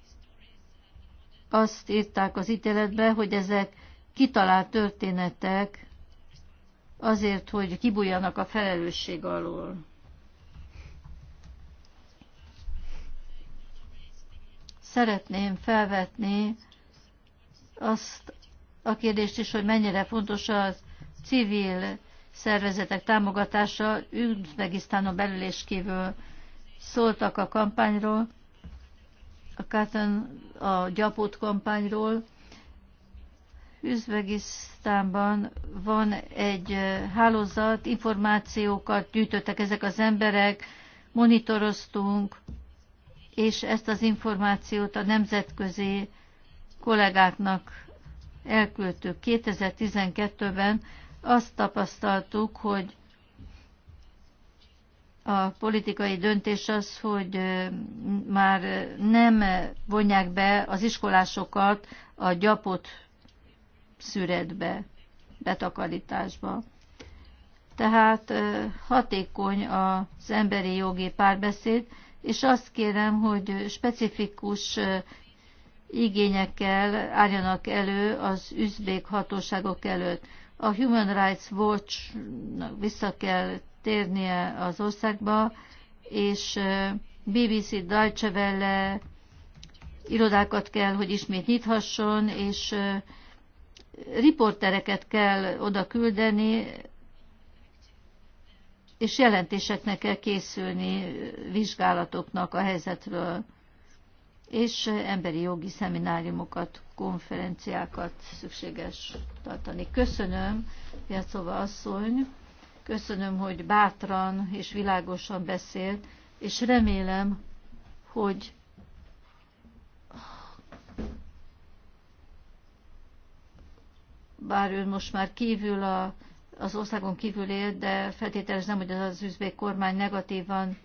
Speaker 3: azt írták az ítéletbe, hogy ezek kitalált történetek azért, hogy kibújjanak a felelősség alól. Szeretném felvetni azt a kérdést is, hogy mennyire fontos az civil szervezetek támogatása Üzbegisztánon belül és kívül szóltak a kampányról, a Katon a gyapót kampányról. Üzbegisztánban van egy hálózat, információkat gyűjtöttek ezek az emberek, monitoroztunk, és ezt az információt a nemzetközi kollégáknak elküldtük. 2012-ben azt tapasztaltuk, hogy a politikai döntés az, hogy már nem vonják be az iskolásokat a gyapot szüretbe, betakarításba. Tehát hatékony az emberi jogi párbeszéd, és azt kérem, hogy specifikus igényekkel álljanak elő az üzbék hatóságok előtt. A Human Rights watch vissza kell térnie az országba, és BBC Deutsche Welle irodákat kell, hogy ismét nyithasson, és riportereket kell oda küldeni, és jelentéseknek kell készülni vizsgálatoknak a helyzetről és emberi jogi szemináriumokat, konferenciákat szükséges tartani. Köszönöm, Jacova asszony, köszönöm, hogy bátran és világosan beszélt, és remélem, hogy bár ön most már kívül a, az országon kívül él, de feltételezem, hogy az üzbék kormány negatívan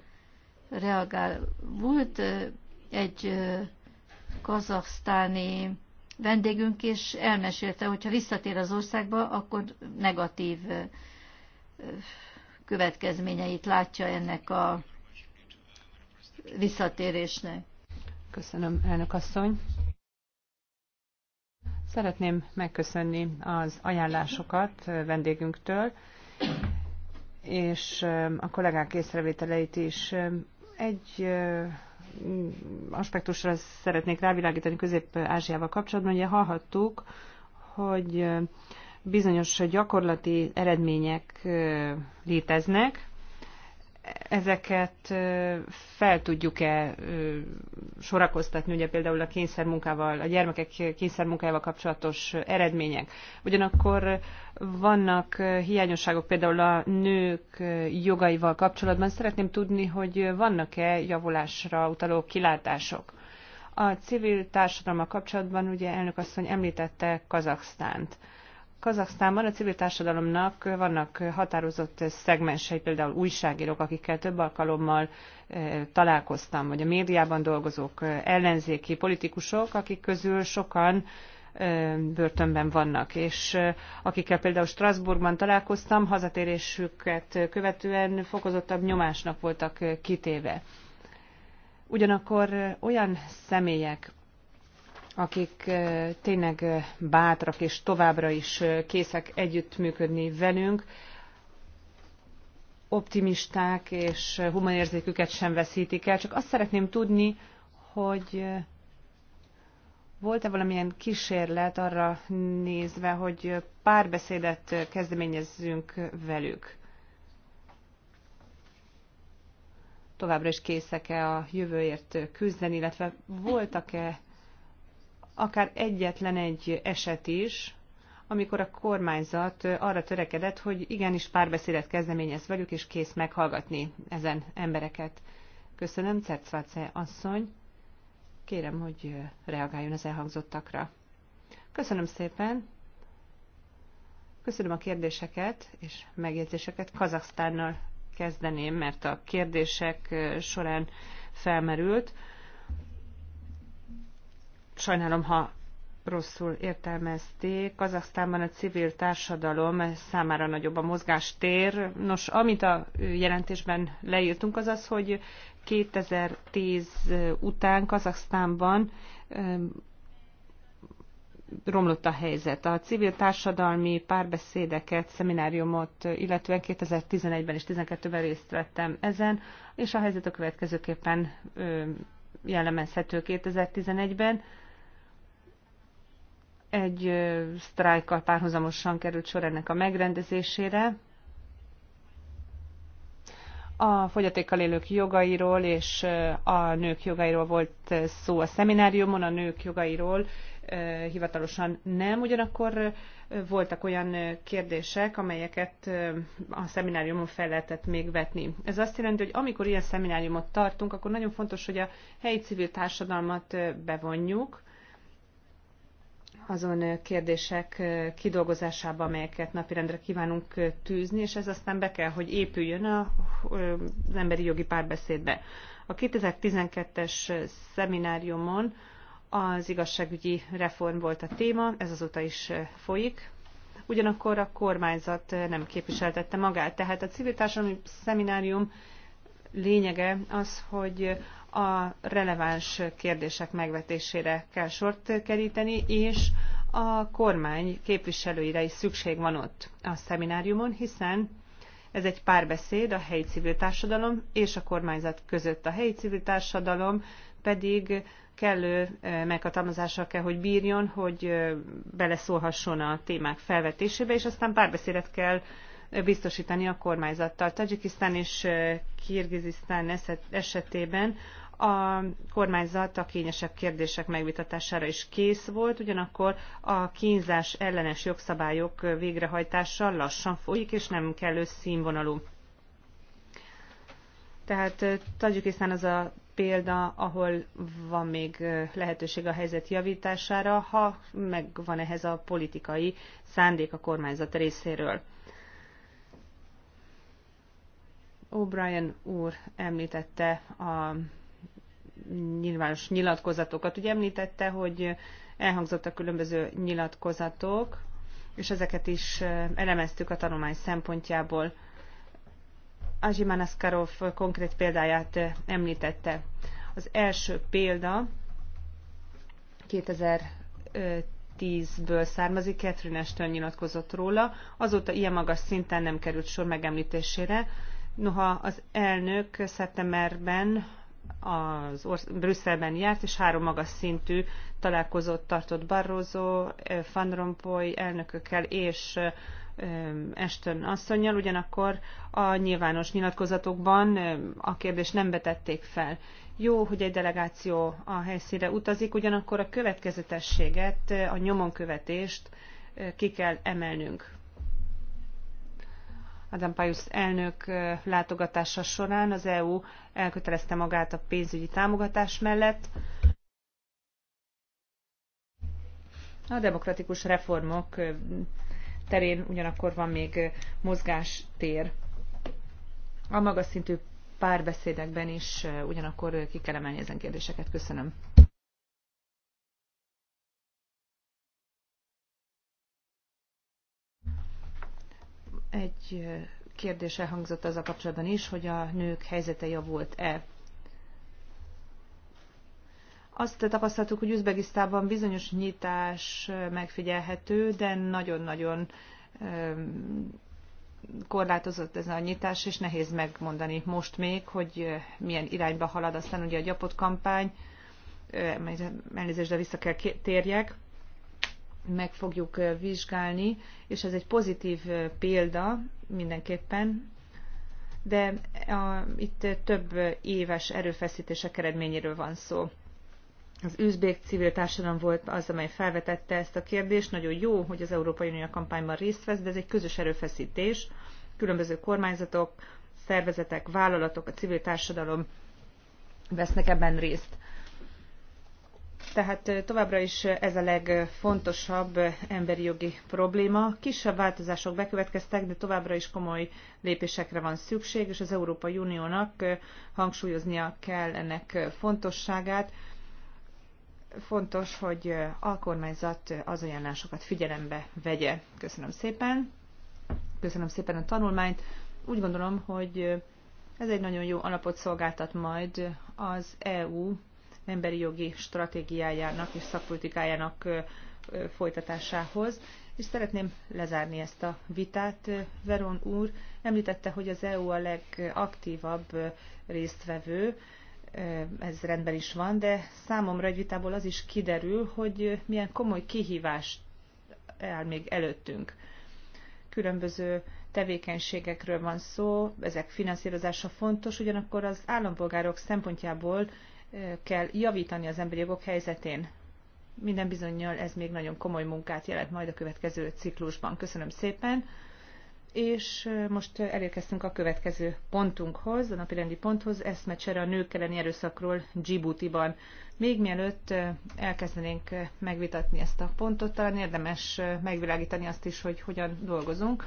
Speaker 3: reagál. Volt egy kazaksztáni vendégünk, és elmesélte, hogyha visszatér az országba, akkor negatív következményeit látja ennek a visszatérésnek. Köszönöm, elnök asszony. Szeretném
Speaker 1: megköszönni az ajánlásokat vendégünktől, és a kollégák észrevételeit is. Egy aspektusra szeretnék rávilágítani Közép-Ázsiával kapcsolatban. Ugye hallhattuk, hogy bizonyos gyakorlati eredmények léteznek, ezeket fel tudjuk-e sorakoztatni, ugye például a kényszermunkával, a gyermekek kényszermunkájával kapcsolatos eredmények. Ugyanakkor vannak hiányosságok például a nők jogaival kapcsolatban. Szeretném tudni, hogy vannak-e javulásra utaló kilátások. A civil társadalma kapcsolatban ugye elnök asszony említette Kazaksztánt. Kazaksztánban a civil társadalomnak vannak határozott szegmensei, például újságírók, akikkel több alkalommal eh, találkoztam, vagy a médiában dolgozók, ellenzéki politikusok, akik közül sokan eh, börtönben vannak, és eh, akikkel például Strasbourgban találkoztam, hazatérésüket követően fokozottabb nyomásnak voltak kitéve. Ugyanakkor olyan személyek, akik tényleg bátrak és továbbra is készek együttműködni velünk, optimisták és humanérzéküket sem veszítik el. Csak azt szeretném tudni, hogy volt-e valamilyen kísérlet arra nézve, hogy párbeszédet kezdeményezzünk velük? Továbbra is készek-e a jövőért küzdeni, illetve voltak-e akár egyetlen egy eset is, amikor a kormányzat arra törekedett, hogy igenis párbeszédet kezdeményez velük, és kész meghallgatni ezen embereket. Köszönöm, Cercvace asszony. Kérem, hogy reagáljon az elhangzottakra. Köszönöm szépen. Köszönöm a kérdéseket és megjegyzéseket. Kazaksztánnal kezdeném, mert a kérdések során felmerült sajnálom, ha rosszul értelmezték. Kazaksztánban a civil társadalom számára nagyobb a mozgástér. Nos, amit a jelentésben leírtunk, az az, hogy 2010 után Kazaksztánban romlott a helyzet. A civil társadalmi párbeszédeket, szemináriumot, illetően 2011-ben és 2012-ben részt vettem ezen, és a helyzet a következőképpen jellemezhető 2011-ben egy sztrájkkal párhuzamosan került sor ennek a megrendezésére. A fogyatékkal élők jogairól és a nők jogairól volt szó a szemináriumon, a nők jogairól hivatalosan nem, ugyanakkor voltak olyan kérdések, amelyeket a szemináriumon fel lehetett még vetni. Ez azt jelenti, hogy amikor ilyen szemináriumot tartunk, akkor nagyon fontos, hogy a helyi civil társadalmat bevonjuk, azon kérdések kidolgozásába, amelyeket napirendre kívánunk tűzni, és ez aztán be kell, hogy épüljön az emberi jogi párbeszédbe. A 2012-es szemináriumon az igazságügyi reform volt a téma, ez azóta is folyik. Ugyanakkor a kormányzat nem képviseltette magát, tehát a civil társadalmi szeminárium lényege az, hogy a releváns kérdések megvetésére kell sort keríteni, és a kormány képviselőire is szükség van ott a szemináriumon, hiszen ez egy párbeszéd a helyi civil társadalom és a kormányzat között. A helyi civil társadalom pedig kellő eh, meghatalmazásra kell, hogy bírjon, hogy eh, beleszólhasson a témák felvetésébe, és aztán párbeszédet kell eh, biztosítani a kormányzattal. Tajikisztán és Kirgizisztán esetében a kormányzat a kényesebb kérdések megvitatására is kész volt, ugyanakkor a kínzás ellenes jogszabályok végrehajtása lassan folyik, és nem kellő színvonalú. Tehát Tajikisztán az a példa, ahol van még lehetőség a helyzet javítására, ha megvan ehhez a politikai szándék a kormányzat részéről. O'Brien úr említette a nyilvános nyilatkozatokat. Ugye említette, hogy elhangzottak különböző nyilatkozatok, és ezeket is elemeztük a tanulmány szempontjából. Azsimán Aszkarov konkrét példáját említette. Az első példa 2010-ből származik, Catherine Ashton nyilatkozott róla, azóta ilyen magas szinten nem került sor megemlítésére, noha az elnök szeptemberben az orsz- Brüsszelben járt, és három magas szintű találkozót tartott Barroso, eh, Van Rompuy elnökökkel és eh, Ashton asszonynal, ugyanakkor a nyilvános nyilatkozatokban eh, a kérdést nem betették fel. Jó, hogy egy delegáció a helyszínre utazik, ugyanakkor a következetességet, a nyomonkövetést ki kell emelnünk. Adam Pajusz elnök látogatása során az EU elkötelezte magát a pénzügyi támogatás mellett. A demokratikus reformok terén ugyanakkor van még mozgástér. A magas szintű párbeszédekben is ugyanakkor ki kell emelni ezen kérdéseket. Köszönöm. Egy kérdés elhangzott az a kapcsolatban is, hogy a nők helyzete javult-e. Azt tapasztaltuk, hogy Üzbegisztában bizonyos nyitás megfigyelhető, de nagyon-nagyon korlátozott ez a nyitás, és nehéz megmondani most még, hogy milyen irányba halad. Aztán ugye a gyapott kampány, elnézést, de vissza kell térjek, meg fogjuk vizsgálni, és ez egy pozitív példa mindenképpen, de a, itt több éves erőfeszítések eredményéről van szó. Az üzbék civil társadalom volt az, amely felvetette ezt a kérdést. Nagyon jó, hogy az Európai Unió kampányban részt vesz, de ez egy közös erőfeszítés. Különböző kormányzatok, szervezetek, vállalatok, a civil társadalom vesznek ebben részt. Tehát továbbra is ez a legfontosabb emberi jogi probléma. Kisebb változások bekövetkeztek, de továbbra is komoly lépésekre van szükség, és az Európai Uniónak hangsúlyoznia kell ennek fontosságát. Fontos, hogy a kormányzat az ajánlásokat figyelembe vegye. Köszönöm szépen. Köszönöm szépen a tanulmányt. Úgy gondolom, hogy ez egy nagyon jó alapot szolgáltat majd az EU emberi jogi stratégiájának és szakpolitikájának folytatásához. És szeretném lezárni ezt a vitát. Veron úr említette, hogy az EU a legaktívabb résztvevő, ez rendben is van, de számomra egy vitából az is kiderül, hogy milyen komoly kihívást áll még előttünk. Különböző tevékenységekről van szó, ezek finanszírozása fontos, ugyanakkor az állampolgárok szempontjából kell javítani az emberi jogok helyzetén. Minden bizonyal ez még nagyon komoly munkát jelent majd a következő ciklusban. Köszönöm szépen! És most elérkeztünk a következő pontunkhoz, a napirendi ponthoz, eszmecsere a nők elleni erőszakról Djibouti-ban. Még mielőtt elkezdenénk megvitatni ezt a pontot, talán érdemes megvilágítani azt is, hogy hogyan dolgozunk.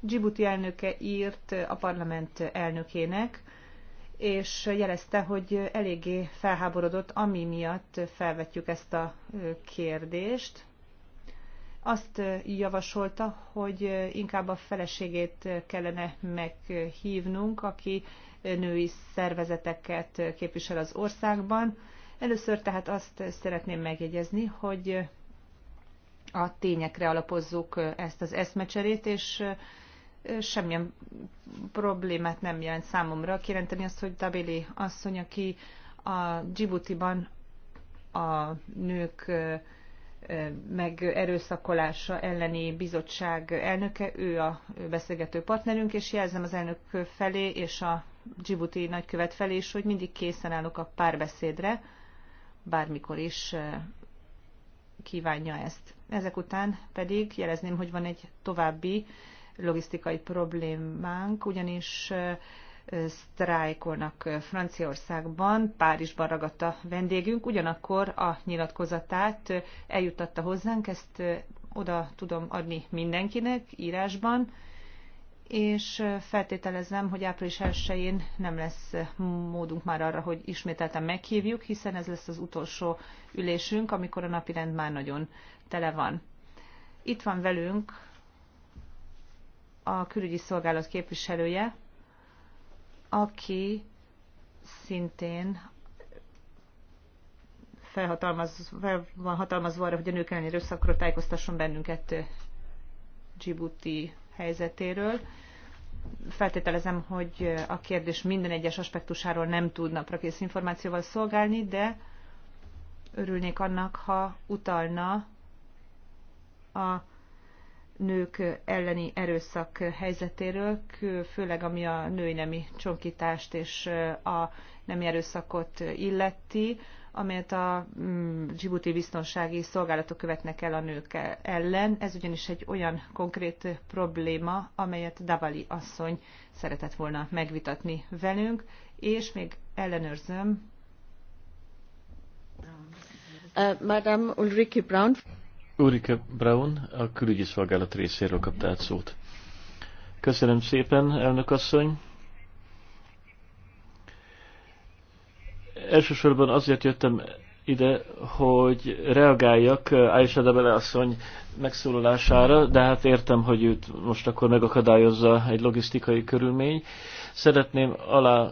Speaker 1: Djibouti elnöke írt a parlament elnökének, és jelezte, hogy eléggé felháborodott, ami miatt felvetjük ezt a kérdést. Azt javasolta, hogy inkább a feleségét kellene meghívnunk, aki női szervezeteket képvisel az országban. Először tehát azt szeretném megjegyezni, hogy a tényekre alapozzuk ezt az eszmecserét, és semmilyen problémát nem jelent számomra Kérenteni azt, hogy Tabili asszony, aki a Djibouti-ban a nők meg erőszakolása elleni bizottság elnöke, ő a beszélgető partnerünk, és jelzem az elnök felé és a Djibouti nagykövet felé is, hogy mindig készen állok a párbeszédre, bármikor is kívánja ezt. Ezek után pedig jelezném, hogy van egy további logisztikai problémánk, ugyanis sztrájkolnak Franciaországban, Párizsban ragadt a vendégünk, ugyanakkor a nyilatkozatát eljutatta hozzánk, ezt oda tudom adni mindenkinek írásban, és feltételezem, hogy április 1 nem lesz módunk már arra, hogy ismételten meghívjuk, hiszen ez lesz az utolsó ülésünk, amikor a napirend már nagyon tele van. Itt van velünk a külügyi szolgálat képviselője, aki szintén felhatalmaz, fel van hatalmazva arra, hogy a nők elleni erőszakról tájékoztasson bennünket Djibouti helyzetéről. Feltételezem, hogy a kérdés minden egyes aspektusáról nem tudnak rakész információval szolgálni, de örülnék annak, ha utalna a nők elleni erőszak helyzetéről, főleg ami a női nemi csonkítást és a nemi erőszakot illeti, amelyet a mm, Djibouti biztonsági szolgálatok követnek el a nők ellen. Ez ugyanis egy olyan konkrét probléma, amelyet Davali asszony szeretett volna megvitatni velünk, és még ellenőrzöm.
Speaker 3: Uh, Madame Ulrike Brown.
Speaker 2: Ulrike Brown a külügyi szolgálat részéről kapta át szót. Köszönöm szépen, elnök asszony. Elsősorban azért jöttem ide, hogy reagáljak Aisha Debele asszony megszólalására, de hát értem, hogy őt most akkor megakadályozza egy logisztikai körülmény. Szeretném alá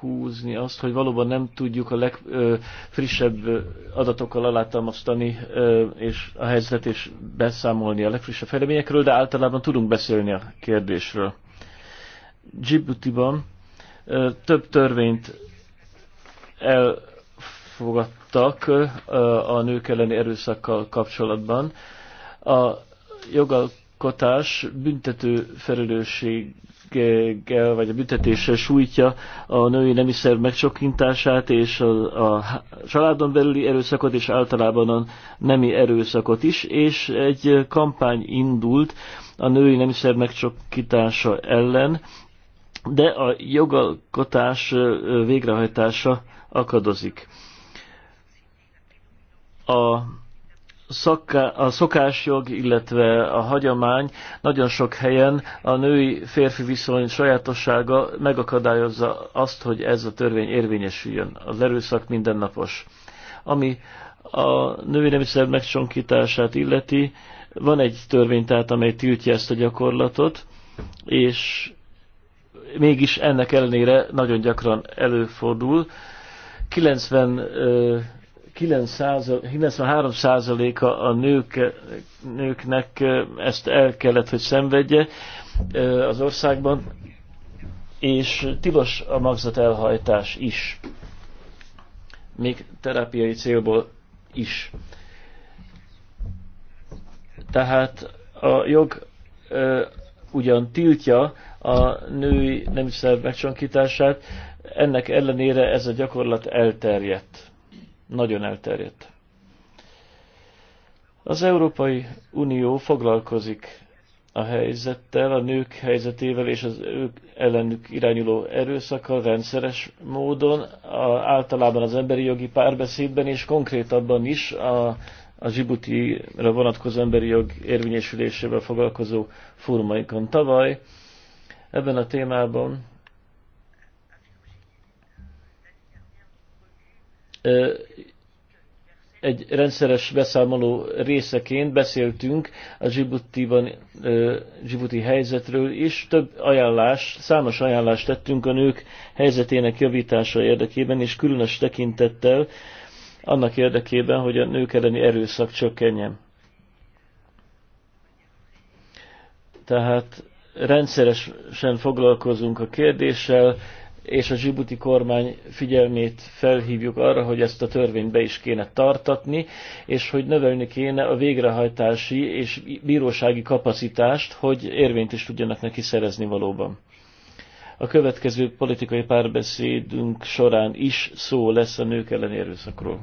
Speaker 2: húzni azt, hogy valóban nem tudjuk a legfrissebb adatokkal alátalmaztani és a helyzet és beszámolni a legfrissebb fejleményekről, de általában tudunk beszélni a kérdésről. Djibouti-ban több törvényt elfogadtak a nők elleni erőszakkal kapcsolatban. A jogal alkotás büntető felelősséggel vagy a büntetéssel sújtja a női nemiszer megcsokintását és a, a családon belüli erőszakot és általában a nemi erőszakot is, és egy kampány indult a női nemiszer megcsokintása ellen, de a jogalkotás végrehajtása akadozik. A a szokásjog, illetve a hagyomány nagyon sok helyen a női-férfi viszony sajátossága megakadályozza azt, hogy ez a törvény érvényesüljön. Az erőszak mindennapos. Ami a női nemiszer megcsonkítását illeti, van egy törvény tehát, amely tiltja ezt a gyakorlatot, és mégis ennek ellenére nagyon gyakran előfordul. 90 93%-a a nők, nőknek ezt el kellett, hogy szenvedje az országban, és tilos a magzat elhajtás is, még terápiai célból is. Tehát a jog ugyan tiltja a női nemi megcsonkítását, ennek ellenére ez a gyakorlat elterjedt nagyon elterjedt. Az Európai Unió foglalkozik a helyzettel, a nők helyzetével és az ők ellenük irányuló erőszakkal rendszeres módon, a, általában az emberi jogi párbeszédben és konkrétabban is a, a Zsibuti-ra vonatkozó emberi jog érvényesülésével foglalkozó fórumainkon. Tavaly ebben a témában egy rendszeres beszámoló részeként beszéltünk a Djibouti-ban, Djibouti helyzetről is. Több ajánlás, számos ajánlást tettünk a nők helyzetének javítása érdekében, és különös tekintettel annak érdekében, hogy a nők elleni erőszak csökkenjen. Tehát rendszeresen foglalkozunk a kérdéssel, és a Zsibuti kormány figyelmét felhívjuk arra, hogy ezt a törvényt be is kéne tartatni, és hogy növelni kéne a végrehajtási és bírósági kapacitást, hogy érvényt is tudjanak neki szerezni valóban. A következő politikai párbeszédünk során is szó lesz a nők ellen erőszakról.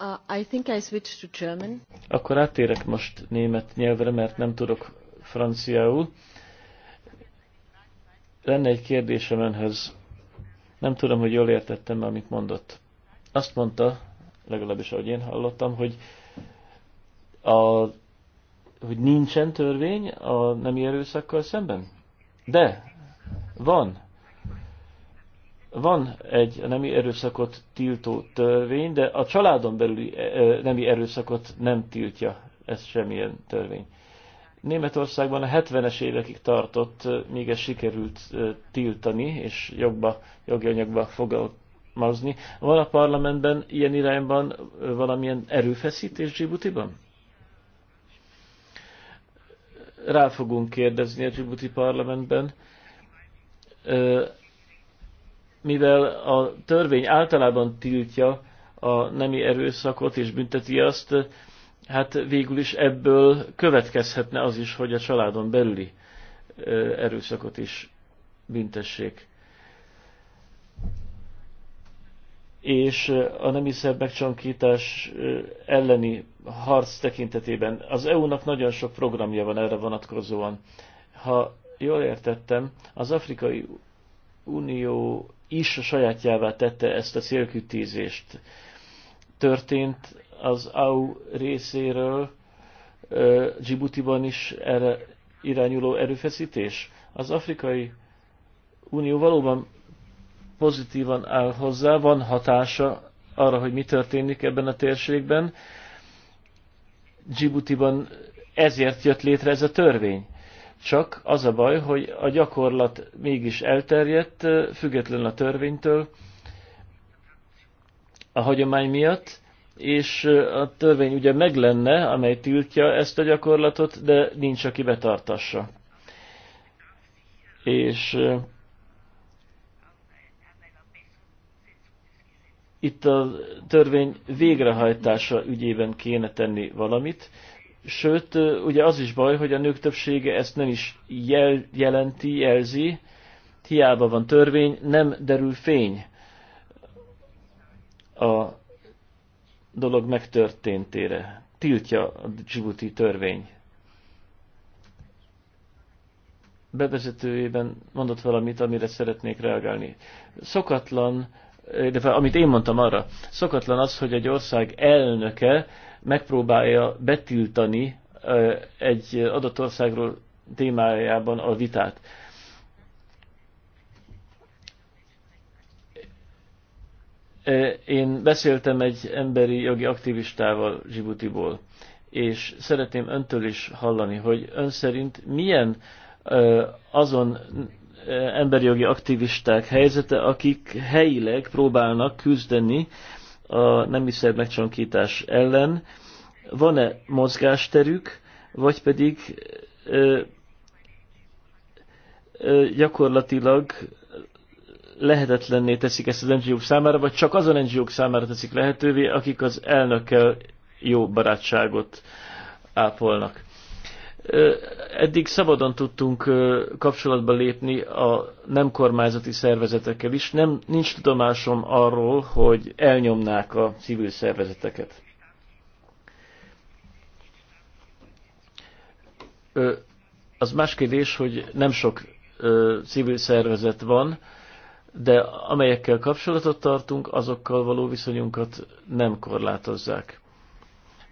Speaker 1: Uh, I think I to German.
Speaker 2: Akkor áttérek most német nyelvre, mert nem tudok franciául. Lenne egy kérdésem önhöz. Nem tudom, hogy jól értettem, amit mondott. Azt mondta, legalábbis ahogy én hallottam, hogy, a, hogy nincsen törvény a nemi erőszakkal szemben? De, van. Van egy nemi erőszakot tiltó törvény, de a családon belüli e, e, nemi erőszakot nem tiltja ez semmilyen törvény. Németországban a 70-es évekig tartott, e, még ez sikerült tiltani, és jogba, jogi anyagba fogalmazni. Van a parlamentben ilyen irányban valamilyen erőfeszítés Djibouti-ban? Rá fogunk kérdezni a Djibouti parlamentben mivel a törvény általában tiltja a nemi erőszakot és bünteti azt, hát végül is ebből következhetne az is, hogy a családon belüli erőszakot is büntessék. És a nemi megcsonkítás elleni harc tekintetében az EU-nak nagyon sok programja van erre vonatkozóan. Ha jól értettem, az Afrikai Unió is a sajátjává tette ezt a célkütézést. Történt az AU részéről Djibouti-ban is erre irányuló erőfeszítés. Az Afrikai Unió valóban pozitívan áll hozzá, van hatása arra, hogy mi történik ebben a térségben. Djibouti-ban ezért jött létre ez a törvény. Csak az a baj, hogy a gyakorlat mégis elterjedt, független a törvénytől, a hagyomány miatt, és a törvény ugye meg lenne, amely tiltja ezt a gyakorlatot, de nincs, aki betartassa. És itt a törvény végrehajtása ügyében kéne tenni valamit, Sőt, ugye az is baj, hogy a nők többsége ezt nem is jel, jelenti, jelzi, hiába van törvény, nem derül fény a dolog megtörténtére. Tiltja a Djibouti törvény. Bevezetőjében mondott valamit, amire szeretnék reagálni. Szokatlan de amit én mondtam arra, szokatlan az, hogy egy ország elnöke megpróbálja betiltani egy adott országról témájában a vitát. Én beszéltem egy emberi jogi aktivistával Zsibutiból, és szeretném öntől is hallani, hogy ön szerint milyen azon Eh, emberi jogi aktivisták helyzete, akik helyileg próbálnak küzdeni a nemiszer megcsonkítás ellen. Van-e mozgásterük, vagy pedig ö, eh, ö, eh, gyakorlatilag lehetetlenné teszik ezt az NGO-k számára, vagy csak azon NGO-k számára teszik lehetővé, akik az elnökkel jó barátságot ápolnak. Eddig szabadon tudtunk kapcsolatba lépni a nem kormányzati szervezetekkel is. Nem, nincs tudomásom arról, hogy elnyomnák a civil szervezeteket. Az más kérdés, hogy nem sok civil szervezet van, de amelyekkel kapcsolatot tartunk, azokkal való viszonyunkat nem korlátozzák.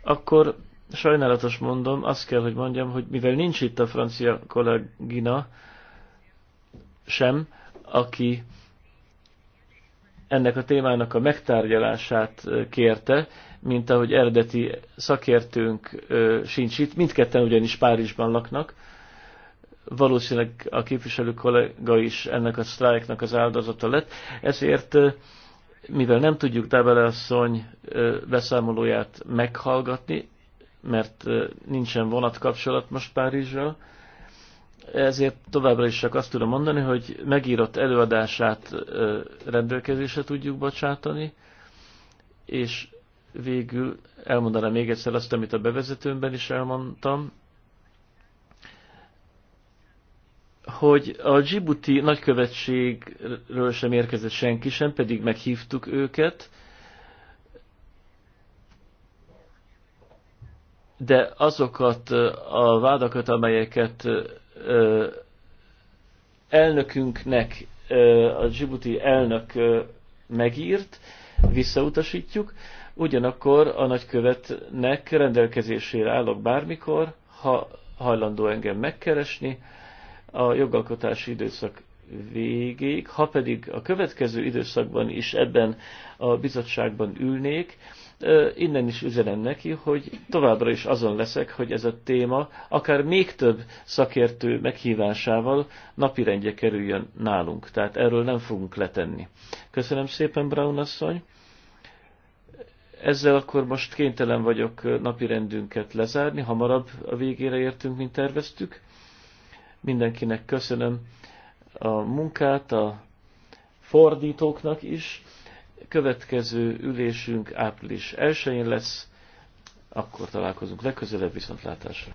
Speaker 2: Akkor sajnálatos mondom, azt kell, hogy mondjam, hogy mivel nincs itt a francia kollégina sem, aki ennek a témának a megtárgyalását kérte, mint ahogy eredeti szakértőnk sincs itt, mindketten ugyanis Párizsban laknak, valószínűleg a képviselő kollega is ennek a sztrájknak az áldozata lett, ezért mivel nem tudjuk Tábele asszony beszámolóját meghallgatni, mert nincsen vonatkapcsolat most Párizsra. Ezért továbbra is csak azt tudom mondani, hogy megírott előadását rendelkezésre tudjuk bocsátani, és végül elmondanám még egyszer azt, amit a bevezetőmben is elmondtam, hogy a Djibouti nagykövetségről sem érkezett senki sem, pedig meghívtuk őket, de azokat a vádakat, amelyeket elnökünknek, a Djibouti elnök megírt, visszautasítjuk, ugyanakkor a nagykövetnek rendelkezésére állok bármikor, ha hajlandó engem megkeresni a jogalkotási időszak végéig, ha pedig a következő időszakban is ebben a bizottságban ülnék, innen is üzenem neki, hogy továbbra is azon leszek, hogy ez a téma akár még több szakértő meghívásával napirendje kerüljön nálunk. Tehát erről nem fogunk letenni. Köszönöm szépen, Brown asszony. Ezzel akkor most kénytelen vagyok napirendünket lezárni, hamarabb a végére értünk, mint terveztük. Mindenkinek köszönöm a munkát, a fordítóknak is, Következő ülésünk április 1-én lesz, akkor találkozunk legközelebb viszontlátásra.